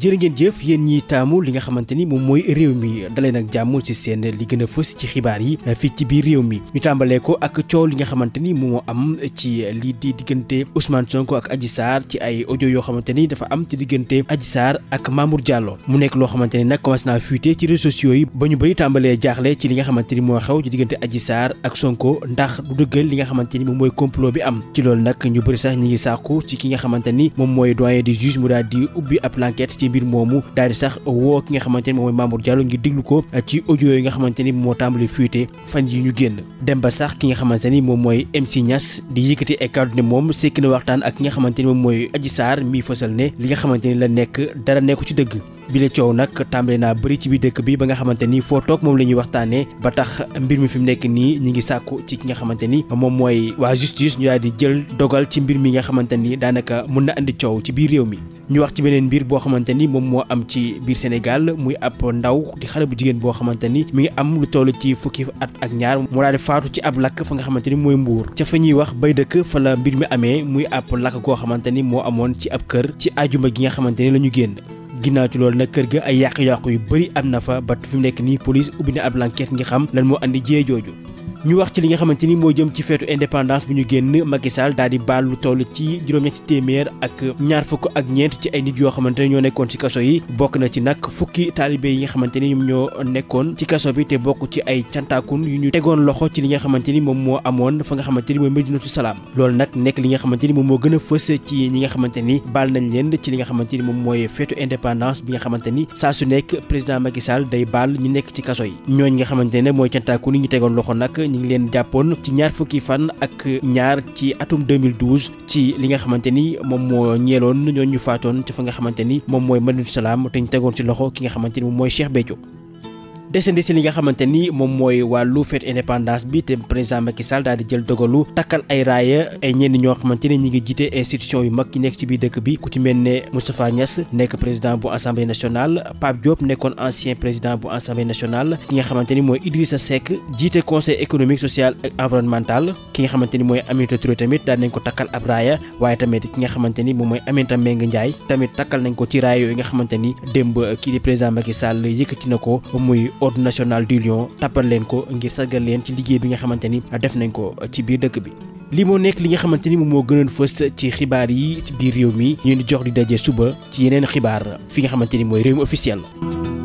jërë jëf yéen ñi taamu li nga xamante ni moom mooy réew mi dalee nag jàmm ci seen li gën a fës ci xibaar yi eh, fii ci biir réew mi ñu tàmbalee ko ak coow li nga xamante ni moo am ci lii di diggante Ousmane Sonko ak Adji Sarr ci ay audio yoo xamante ni dafa am ci diggante Adji Sarr ak Mamour Diallo mu nekk loo xamante ni nag commencé naa fuité ci réseaux sociaux ba ñu bëri tàmbalee jaaxle ci li nga xamante ni moo xew ci diggante Adji Sarr ak Sonko ndax du li nga xamante ni moom mooy complot bi am ci lool nag ñu bëri sax ñi ngi sàkku ci ki nga xamante ni moom mooy doyen des juges mu daal ubbi ab enquête ci mbir moomu daal di sax woo ki nga xamante ni moom mooy Mamour Diallo ngir déglu ko eh, ci audio yi nga xamante ni moo tàmbali fuité fan yi ñu génn dem ba sax ki nga xamante ni moom mooy MC Niass di yëkkati ay kàddu ne moom sekk na waxtaan ak ki nga xamante ni moom mooy Adji mii mi fësal ne li nga xamante ni la nekk dara nekku ci dëgg bi la coow nag tàmbale naa bëri ci biir dëkk bi ba nga xamante ni foo toog moom la ñuy waxtaanee ba tax mbir mi fi mu nekk nii ñu ngi sàkku ci ki nga xamante ni moom mooy waa justice ñu daal di jël dogal ci mbir mi nga xamante ni daanaka mun na indi coow ci biir réew mi ñu wax ci beneen mbir boo xamante ni moom moo am ci biir Sénégal muy ab ndaw di xale bu jigéen boo xamante ni mi ngi am lu toll ci fukki at ak ñaar mu daal di faatu ci ab lakk fa nga xamante ni mooy Mbuur ca fa ñuy wax bay dëkk fa la mbir mi amee muy ab lakk goo xamante ni moo amoon ci ab kër ci ajuma gi nga xamante ni la ñu génn ginnaaw ci loolu nag kër ga ay yàq yàq yu bëri am na fa ba fi mu nekk nii police ubbi na ab enquête ngi xam lan moo andi jiyee jooju ñu wax ci li nga xamante ni moo jëm ci feetu indépendance bu ñu génn Macky Sall daal baal lu toll ci juróom-ñetti téeméer ak ñaar fukk ak ñeent ci ay nit yoo xamante ne ñoo nekkoon ci kaso yi bokk na ci nag fukki taalibe yi nga xamante ni ñoom ñoo nekkoon ci kaso bi te bokk ci ay cantaakun yu ñu tegoon loxo ci li nga xamante ni moom moo amoon fa nga xamante ni mooy Medinatu Salaam loolu nag nekk li nga xamante ni moom moo gën a fës ci ni baal nañ leen ci li nga xamante ni moom mooy feetu indépendance bi nga xamante ni saa su nekk président Macky Sall day baal ñi nekk ci kaso yi ñooñ nga xamante ne mooy cantaakun yi ñu tegoon loxo nag ñi ngi leen jàppoon ci ñaar fukki fan ak ñaar ci atum 2012 ci li nga xamante ni moom moo ñeeloon ñoo ñu faatoon ci fa nga xamante ni moom mooy Madinatu Salaam te ñu tegoon ci loxo ki nga xamante ni moom mooy Cheikh Béthio desandi si li nga xamante ni moom mooy wàllu fête indépendance bi te président Macky Sall daal di jël dogalu takkal ay raaya ay ñenn ñoo xamante ne ngi jiite institution yu mag yi nekk ci biir dëkk bi ku ci mel ne Moustapha Niass nekk président bu assemblée nationale Pape Diop nekkoon ancien président bu assemblée nationale ki nga xamante ni mooy Idrissa Seck jiite conseil économique social et ki nga xamante ni mooy Aminata Touré tamit daal nañ ko takkal ab waaye tamit ki nga xamante ni moom mooy Aminata Mbengue Ndiaye tamit takkal nañ ko ci raaya yooyu nga xamante ni démb kii di président Macky Sall yëkkati na ko muy ordre national du lion tappal leen ko ngir sargal leen ci liggéey bi nga xamante ni def nañ ko ci biir dëkk bi. li moo nekk li nga xamante ni moom moo gënoon fës ci xibaar yi ci biir réew mi ñu di jox di daje suba ci yeneen xibaar fi nga xamante ni mooy réew mi officiel.